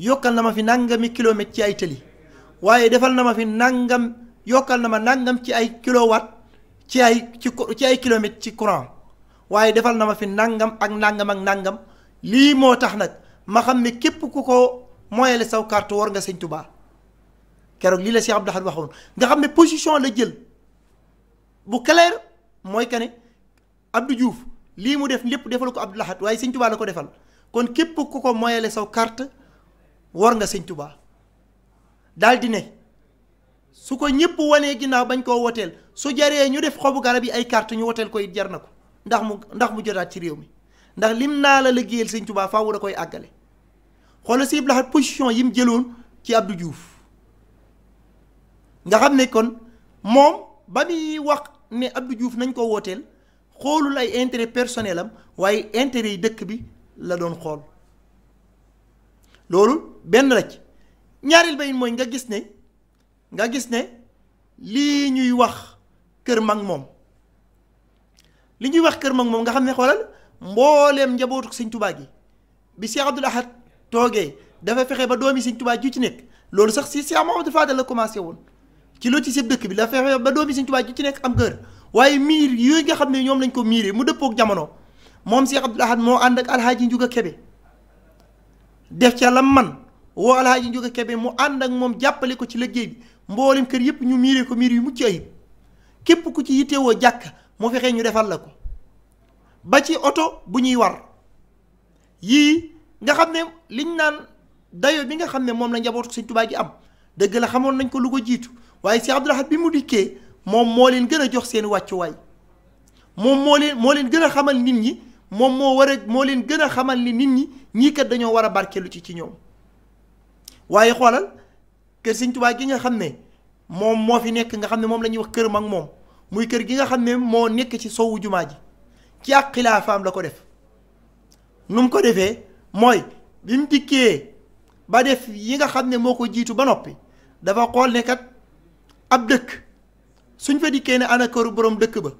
B: yokkal na ma fi nangami kilomètre ci ay tëli waaye defal na ma fi nangam yokkal na ma nangam ci ay kilowatt ci ay ci ci ay kilomètre ci courant waaye defal na ma fi nangam ak nangam ak nangam. lii moo tax nag ma xam ne képp ku ko moyale saw kart war nga sëñ tubaa keroog lii la Cheikh Abdou Lahad waxoon nga xam ne position la jël bu clair mooy que ne Abdou juuf lii mu def lépp defal ko Abdou Lahad waaye sëñ Tuubaa la ko defal kon képp ku ko moyale saw carte war nga sëñ tubaa daldi ne su ko ñëpp wanee ginnaaw bañ koo woteel su jaree ñu def xobu garab yi ay carte ñu woteel ko it jar na ko ndax mu ndax mu jotaat ci réew mi ndax lim naa la liggéeyal sëñ tubaab faaw da koy àggale xoolal si Abdou Lahad yi mu jëloon ci Abdou Diouf nga xam ne kon moom ba muy wax ne Abdou juuf nañ ko wooteel xoolul ay intérêt personnel am waaye intérêt yi dëkk bi la doon xool loolu benn la ci ñaareel mooy nga gis ne nga gis ne li ñuy wax kër mag moom li ñuy wax kër mag moom nga xam ne xoolal mbooleem njabootu sëñ tubaa gi bi Cheikh Abdoul Ahad toogee dafa fexe ba doomi sëñ tubaa yu ci nekk loolu sax si Cheikh Mahamadou Fadal la commencé woon ci loo ci sib dëkk bi la fexe ba doomi sëñ tubaa ju ci nekk am kër waaye miir yooyu nga xam ne ñoom lañ ko miiree mu dëppook jamono moom Cheikh Abdoul Ahad moo ànd ak alhaaji a Kebe def ca la man woo alhaaji Njuga Kebe mu ànd ak moom jàppale ko ci liggéey bi mboolem kër yëpp ñu miiree ko miir yu mucc ayib képp ku ci yittewoo jàkk mu fexee ñu defal la ko ba ci oto bu ñuy war yii nga xam ne liñ naan dayo bi nga xam ne moom la njabootu Sëñ Tuubaa gi am dëgg la xamoon nañ ko lu ko jiitu waaye Cheikh Abdoul Ahad bi mu dikkee moom moo leen gën a jox seen wàccuwaay moom moo leen moo leen gën a xamal nit ñi moom moo war a moo leen gën a xamal ni nit ñi ñii kat dañoo war a barke lu ci ci ñoom waaye xoolal kër Sëñ tubaay gi nga xam ne moom moo fi nekk nga xam ne moom la ñuy wax kër mag moom muy kër gi nga xam ne moo nekk ci sowu jumaa ji ci ak xilaafaam la ko def nu mu ko defee mooy bi mu dikkee ba def yi nga xam ne moo ko jiitu ba noppi dafa xool ne kat ab dëkk suñ fa dikkee ne ana këru borom dëkk ba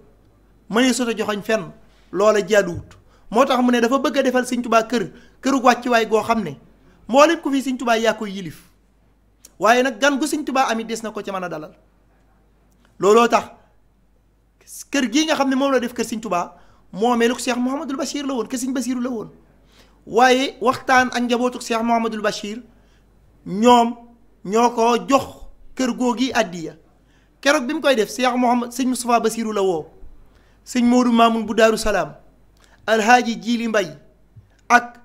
B: mën mënee soto joxoñ fenn loola jaaduwut moo tax mu ne dafa bëgg a defal Sëñ Tuubaa kër këru wàccuwaay goo xam ne mboolem ku fi Sëñ Tuubaa yaa koy yilif waaye nag gan gu Sëñ Tuubaa amit des na ko ci mën a dalal looloo tax kër gii nga xam ne moom la def kër Sëñ Tuubaa moomeelu Cheikh Mouhamadul Bachir la woon ke Sëñ Bachir la woon waaye waxtaan ak njabootu Cheikh Mouhamadul Bachir ñoom ñoo ko jox kër googi àddiya keroog bi mu koy def Cheikh Mouhamad sëñ Moustapha Basiru la woo sëñ Modou Mamoun bu Daaru Salaam alhaaji Jili Mbay ak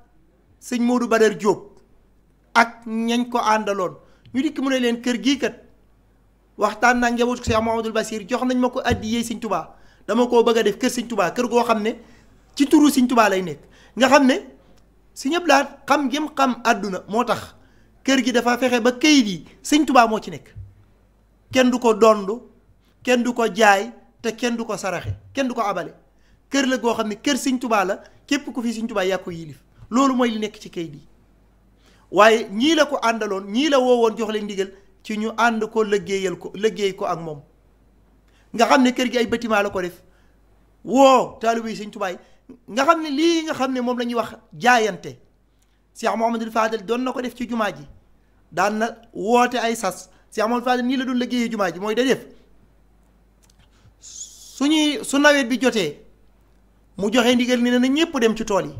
B: sëñ Modou Badar Diop ak ñañ ko àndaloon ñu dikk mu ne leen kër gii kat waxtaan naa njabootu Cheikh Mouhamadul Bachir jox nañ ma ko àddiyee sëñ Tubaa dama koo bëgg a def kër siñ tubaa kër goo xam ne ci turu siñ tubaa lay nekk nga xam ne Sëñ Abdu Lahat xam gém xam àdduna moo tax kër gi dafa fexe ba kayit yi Sëñ tubaa moo ci nekk kenn du ko dond kenn du ko jaay te kenn du ko saraxe kenn du ko abale kër la goo xam ne kër Sëñ Tuubaa la képp ku fi Sëñ tubaa yaa ko yilif loolu mooy li nekk ci kayit yi waaye ñii la ko àndaloon ñii la woowoon jox leen ndigal ci ñu ànd ko liggéeyal ko liggéey ko ak moom nga xam ne kër gi ay bâtiment la ko def woo taalibe yi sëñ tubaay nga xam ne lii nga xam ne moom la ñuy wax jaayante moom Mouhamadul Fadel doon na ko def ci jumaa ji daan na woote ay sas Cheikh Mouhamadul Fadel nii la doon liggéeyee jumaa ji mooy da def ñuy su nawet bi jotee mu joxe ndigal ni ne na ñëpp dem ci tool yi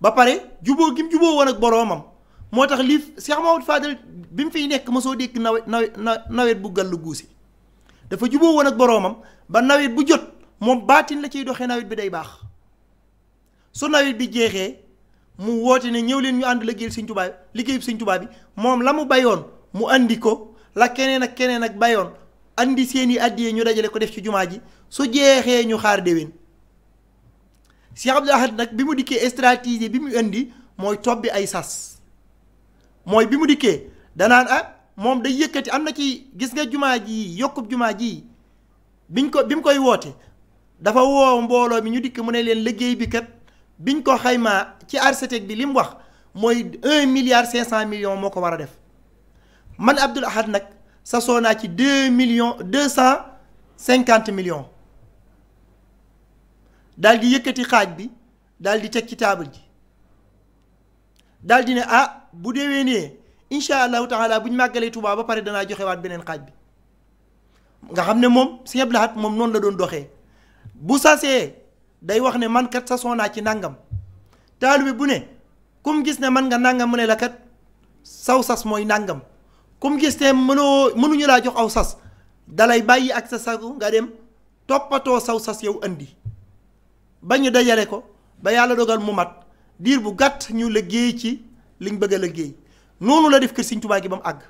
B: ba pare juboo gi mu juboo woon ak boroomam moo tax lii Cheikh Mouhamadul Fadel bi mu fiy nekk ma mosoo dégg nawet nawet bu gàllu guusi dafa juboo woon ak boroomam ba nawet bu jot moom baatin la ciy doxee nawet bi day baax su nawet bi jeexee mu woote ne ñëw leen ñu ànd liggéeyal Sëñ Tuubaa liggéeyub Sëñ Tuubaa bi moom la mu bayoon mu indi ko la keneen ak keneen ak bayoon andi seeni i àddiyee ñu dajale ko def ci jumaa ji su jeexee ñu xaar déwén Cheikh Abdoul Ahad nag bi mu dikkee stratégie bi mu indi mooy tobbi ay sas mooy bi mu dikkee danaan ah moom day yëkkati am na ci gis nga jumaa ji yokku jumaa ji biñ ko bi mu koy woote dafa woo mbooloo mi ñu dikk mu ne leen liggéey bi kat biñ ko xaymaa ci architecte bi li mu wax mooy un milliard cinq cent million moo ko war a def man Abdoul Ahad nag sa soo naa ci deux millions deux cent cinquante millions daal yëkkati xaaj bi daal di teg ci taabal ji daal ne ah bu déwénee incha allahu taala bu ñu màggalee tubaab ba pare danaa joxe waat beneen xaaj bi nga xam ne moom Sëñ Abdou Lahad moom noonu la doon doxee bu sasee day wax ne man kat sasoo naa ci nangam bi bu ne kum gis ne man nga nangam mu ne la saw sas mooy nangam kum gis ne mënoo mënuñu laa jox aw sas dalay bàyyi ak sa sagu nga dem toppatoo saw sas yow andi ba ñu dajale ko ba yàlla dogal mu mat diir bu gàtt ñu liggéey ci liñ bëgg a liggéey noonu la def kër Sëñ Tuubaa gi ba mu àgg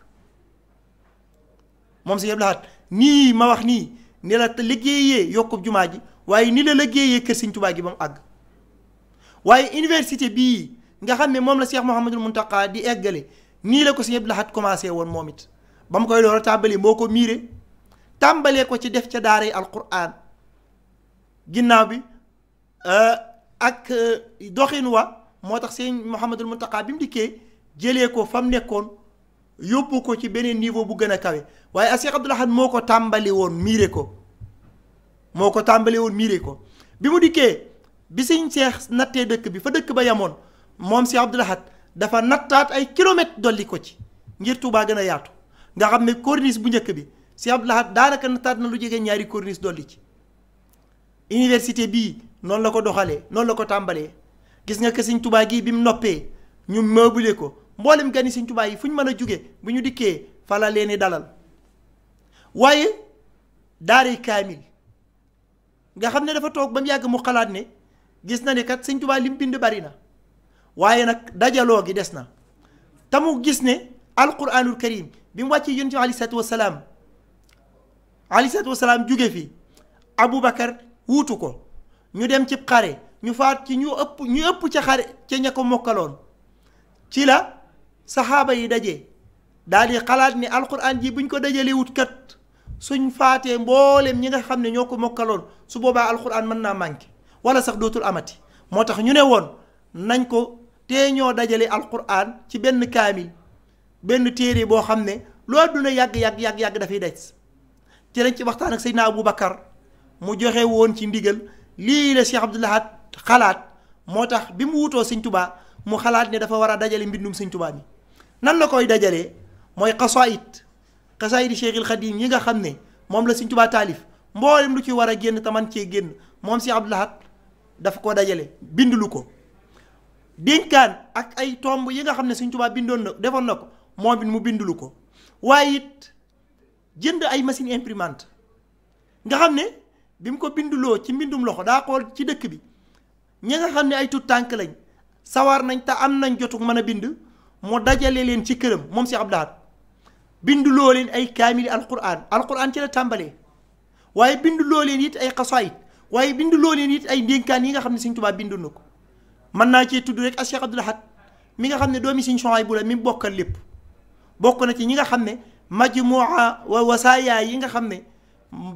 B: moom Sëñ Abdul Ahad nii ma wax nii ni la liggéeyee yokkub jumaa ji waaye ni la liggéeyee kër Sëñ Tuubaa gi ba mu àgg waaye université bii nga xam ne moom la Cheikh Mouhamadul Mountakha di eggale nii la ko Sëñ Abdul Ahad commencé woon moom it ba mu koy door a tàmbali moo ko miire tàmbalee ko ci def ca daara yi alquran ginnaaw bi euh, ak euh, doxin wa moo tax Sëñ Mouhamadul Mountakha bi mu dikkee jëlee ko fa mu nekkoon yóbbu ko ci beneen niveau bu gën a kawe waaye Cheikh Abdoul Ahad moo ko tàmbali woon miire ko moo ko tàmbali woon miire ko bi mu dikkee bi sëñ Cheikh nattee dëkk bi fa dëkk ba yamoon moom Cheikh Abdoul Ahad dafa nattaat ay kilomètres dolli ko ci ngir tubaa gën a yaatu nga xam ne corniche bu njëkk bi Cheikh Abdoul Ahad daanaka nattaat na lu jege ñaari corniche dolli ci université bii noonu la ko doxalee noonu la ko tàmbalee gis nga que sëñ Touba gii bi mu noppee ñu meublé ko mboolem gani Sëñ Tuubaa yi fu ñu mën a jóge bu ñu dikkee fala leen dalal waaye daari kaamil nga xam ne dafa toog ba mu yàgg mu xalaat ne gis na ne kat Sëñ lim li bind bari na waaye nag dajaloo gi des na te mu gis ne alquranul karim bi mu wàccee yonent ci aleyhi salaatu wasalaam aleyhi salaatu jóge fi Aboubacar wuutu ko ñu dem cib xare ñu faat ci ñu ëpp ñu ëpp ca xare ca ña ko mokkaloon ci la saxaaba yi daje daal di xalaat ni alquran ji buñ ko dajalee wut kat suñ faatee mbooleem ñi nga xam ne ñoo ko mokkaloon su boobaa alquran mën naa manqué wala sax dootul amati moo tax ñu ne woon nañ ko tee ñoo dajale alquran ci benn kaamil benn téere boo xam ne lu àdduna yàgg yàgg yàgg yàgg dafay daj ci lañ ci waxtaan ak Seydina Abu Bakar mu joxe woon ci ndigal lii la Cheikh Abdou xalaat moo tax bi mu wutoo Sëñ Tubaa mu xalaat ne dafa war a dajale mbindum Sëñ Tubaa mi nan la koy dajalee mooy xasaayit xasaayit Cheikhul Xadim yi nga xam ne moom la Sëriñ Tuubaa taalif mboolem lu ci war a génn te man cee génn moom si Abdou Lahad dafa ko dajale bindulu ko dénkaan ak ay tomb yi nga xam ne Sëriñ Tuubaa bindoon na defoon na ko moom it mu bind ko waaye it jënd ay machine imprimante nga xam ne bi mu ko binduloo ci mbindum loxo daa xool ci dëkk bi ñi nga xam ne ay tut tànk lañ sawar nañ te am nañ jotuk mën a bind moo dajale leen ci këram moom Cheikh Abdou Lahad bindu loo leen ay kaamili alquran alquran ci la tàmbalee waaye bind loo leen it ay xasaayit waaye bind loo leen it ay ndénkaan yi nga xam ne Sëñ Tuubaa bindu ko mën naa cee tudd rek ak Cheikh Abdou Lahad mi nga xam ne doomi Sëñ Suhaybu la mi bokkal lépp bokk na ci ñi nga xam ne majmuuca wa wasaaya yi nga xam ne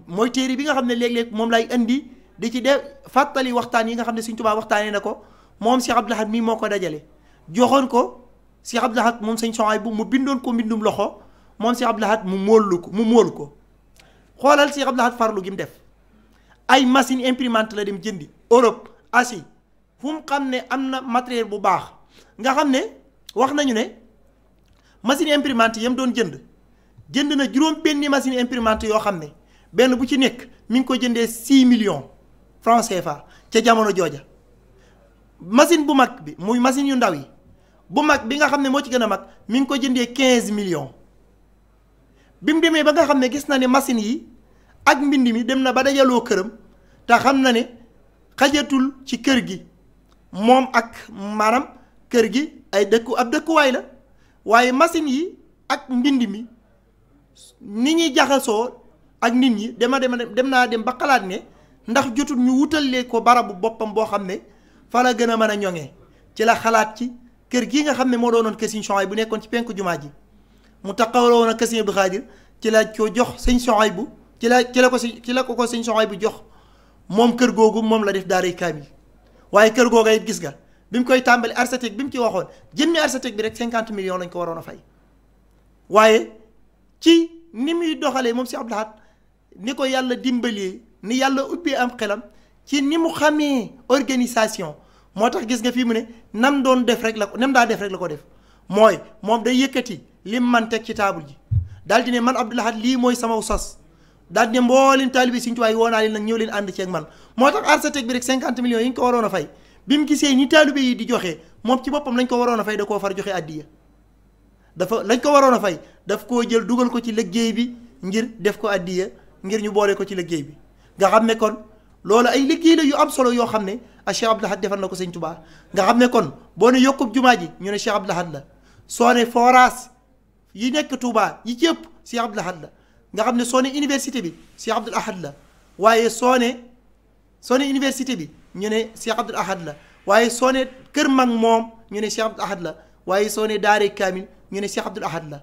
B: mooy téere bi nga xam ne léeg-léeg moom lay indi di ci de fàttali waxtaan yi nga xam ne Sëñ Tuubaa waxtaanee na ko moom Cheikh Abdou Lahad mii moo ko dajale joxoon ko. Cheikh Abdou Lahad moom sëñ Souhaïbou mu bindoon ko mbindum loxo moom Cheikh Abdou Lahad mu móolu ko mu móolu ko xoolal Cheikh Abdou Lahad farlu gi mu def ay machine imprimante la dem jëndi Europe Asie fu mu xam ne am na matériel bu baax nga xam ne wax nañu ne machine imprimante yam doon jënd jënd na juróom benni machine imprimante yoo xam ne benn bu ci nekk mi ngi ko jëndee 6 million francs CFA ca jamono jooja machine bu mag bi muy machine yu ndaw yi bu mag bi nga xam ne moo ci gën a mag mi ngi ko jëndee 15 millions bi mu demee ba nga xam ne gis na ne machine yi ak mbind mi dem na ba dajaloo këram te na ne xajatul ci kër gi moom ak maanaam kër gi ay dëkku la waaye machine yi ak mbind mi ni ñuy jaxasoo ak nit ñi dema dem dem naa dem ba xalaat ne ndax jotul ñu wutalee ko barabu boppam boo xam ne fa la gën a mën a ñoŋe ci la xalaat ci kër gii nga xam ne moo doonoon kër Sëñ Suhaybu bu nekkoon ci penku jumaa ji mu taxawloo woon ak kër Sëñ Abdu Xaadir ci la ko jox Sëñ Suhaybu bu ci la ci la ko si ci la ko ko Sëñ Suhaybu bu jox moom kër googu moom la def daaray kaamil waaye kër googu it gis nga bi mu koy tàmbali architecte bi mu ci waxoon jëmmi architecte bi rek 50 millions lañ ko waroon a fay waaye ci ni muy doxalee moom si Abdul Ahad ni ko yàlla dimbalee ni yàlla ubbee am xelam ci ni mu xamee organisation moo tax gis nga fii mu ne nam doon def rek la ko nam daa def rek la ko def mooy moom day yëkkati lim man teg ci taabul ji daal di ne man Abdou Lahad lii mooy sama sos daal di ne mbooleem taalibi Sëriñ Tuubaa yi woo naa leen nag ñëw leen ànd man moo tax architecte bi rek 50 millions yi ñu ko a fay bi mu gisee ñi taalibe yi di joxe moom ci boppam lañ ko waroon fay da koo far joxe dafa lañ ko waroon a fay daf koo jël dugal ko ci liggéey bi ngir def ko addiya ngir ñu boole ko ci liggéey bi nga xam ne kon loolu ay liggéey la yu am solo yoo xam ne ak Cheikh Abdoul Ahad defal na ko sëñ Touba nga xam ne kon boo ne yokkub jumaa ji ñu ne Cheikh Abdoul Ahad la soo ne forage yi nekk Touba yi ci yëpp Cheikh Ahad la nga xam ne soone ne université bi Cheikh Abdoul Ahad la waaye soo ne soo université bi ñu ne Cheikh Abdoul la waaye soo ne kër man moom ñu ne Cheikh Abdoul Ahad la waaye soone ne daare kaamil ne Cheikh Abdoul Ahad la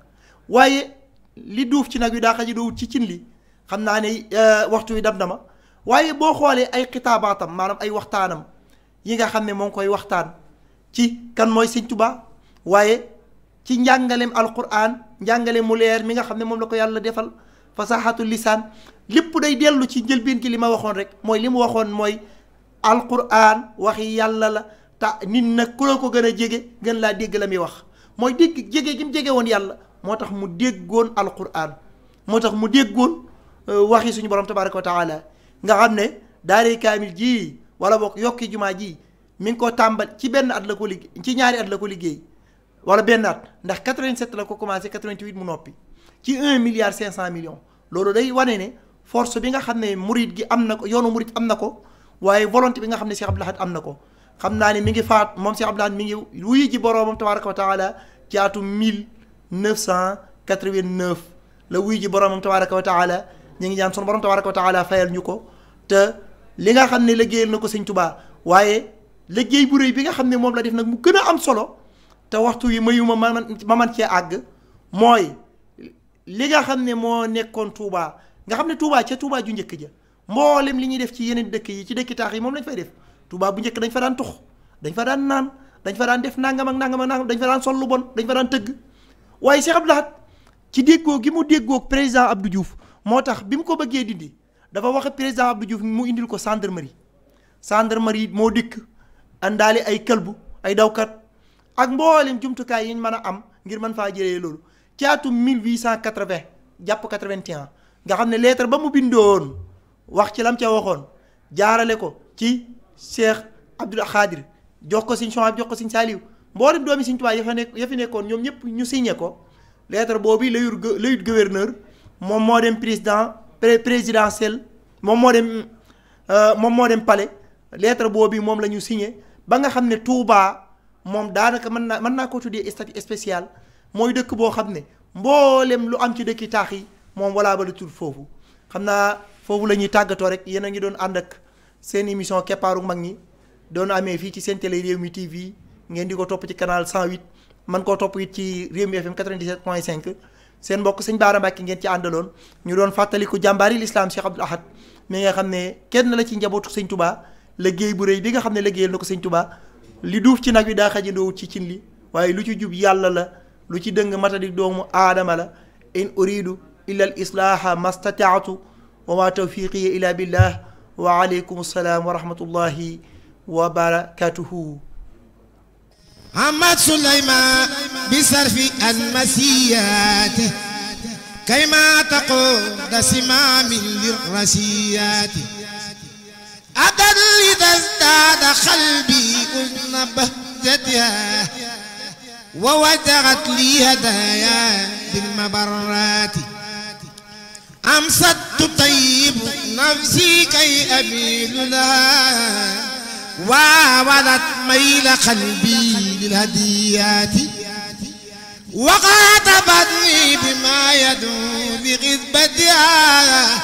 B: waaye li duuf ci nag yu daa xaji doowut ci cin li xam naa ne euh, waxtu wi dam na ma waaye boo xoolee ay xitaabaatam maanaam ay waxtaanam yi nga xam ne moo ngi koy waxtaan ci kan mooy sëñ Tuubaa waaye ci njàngaleem alquran njàngale mu leer mi nga xam ne moom la ko yàlla defal fasaxatu lisaan lépp day dellu ci njëlbeen ki li ma waxoon rek mooy li mu waxoon mooy alquran waxi yàlla la te nit na ku la ko gën a jege gën laa dégg la muy wax mooy dégg jege gi mu jege woon yàlla moo tax mu déggoon alquran moo tax mu déggoon euh, waxi suñu borom tabaraka wa taala nga xam ne daaree kaamil ji wala boog yokki jumaa ji mi ngi ko tàmbal ci benn at la ko liggéey ci ñaari at la ko liggéey wala benn at ndax 87 la ko commencé 88 mu noppi ci 1 milliard 500 millions loolu day wane ne force bi nga xam ne murit gi am na ko yoonu murit am na ko waaye volonté bi nga xam ne Cheikh Abdou Lahad am na ko xam naa ne mi ngi faat moom Cheikh Abdou Lahad mi ngi wuyu ji boroomam tabaraka wa taala ci atum 1989 la wuyu ji boroomam tabaraka wa taala ñu ngi ñaan sunu borom tabaraka ko taala fayal ñu ko te li nga xam ne liggéeyal na ko sëñ tubaa waaye liggéey bu réy bi nga xam ne moom la def nag mu gën a am solo te waxtu wi mayuma ma ma man cee àgg mooy li nga xam ne moo nekkoon Touba nga xam ne Touba ca Touba ju njëkk ja mboolem li ñuy def ci yeneen dëkk yi ci dëkki yi moom lañ fay def Touba bu dañ fa daan dañ fa daan naan dañ fa daan def nangam ak nangam ak nangam dañ fa sol lu bon dañ fa daan tëgg waaye Cheikh Abdou Lahad ci déggoo gi mu déggoo président Abdou Diouf moo tax bi mu ko bëggee dindi dafa wax président Abdou Diouf mu indil ko gendarmerie gendarmerie moo dikk àndaale ay këlbu ay dawkat ak mboolem jumtukaay yi ñu mën a am ngir mën faa jëlee loolu ci atum 1880 jàpp vingt 81 nga xam ne lettre ba mu bindoon wax ci lam ca waxoon jaarale ko ci Cheikh Abdoul Khadir jox ko Sëñ Chouaib jox ko Sëñ Saliou mboolem doomi Sëñ Tuubaa ya fa nekk ya fi nekkoon ñoom ñëpp ñu signé ko lettre boobu layut gouverneur moom moo dem président présidentiel moom moo dem euh, moom moo dem palais lettre boobu moom la ñu signé ba nga xam ne Touba moom daanaka mën naa mën naa ko tuddee statut spécial mooy dëkk boo xam ne mboolem lu am ci dëkk taax yi moom walaa ba la tudd foofu xam naa foofu la ñuy tàggatoo rek yéen a ngi doon ànd ak seen émission keppaaru mag ñi doon amee fii ci seen télé Rewmi TV ngeen di ko topp ci canal 108 man koo topp it ci Rewmi FM 97.5 seen mbokk sëñ Baara Mbàkke ngeen ci àndaloon ñu doon fàttaliku jàmbaari lislaam Cheikh Abdoul Ahad mi nga xam ne kenn la ci njabootu sëñ Touba liggéey bu rëy bi nga xam ne léggéey na ko sëñ Touba li duuf ci nag bi daa xajandoowut ci cin li waaye lu ci jub yàlla la lu ci dëng matadi doomu aadama la in uridu illa al islaaha mastataatu wa ma tawfiqiya ila billah wa aleykum assalaam wa rahmatullahi wa barakatuhu
A: Ahmad Souleymane bi sarfi almasiyaati kay ma taqoo da simaamin lirrasiyaati adan li tasdaada xalbi uzna bahjatiha wa wajaxat li hadaaya bilmabaraati amsat tutayibu nafsi kay abilu laha waawalat mayla xalbi بالهديات وخاطبتني بما يدعو بغذبتها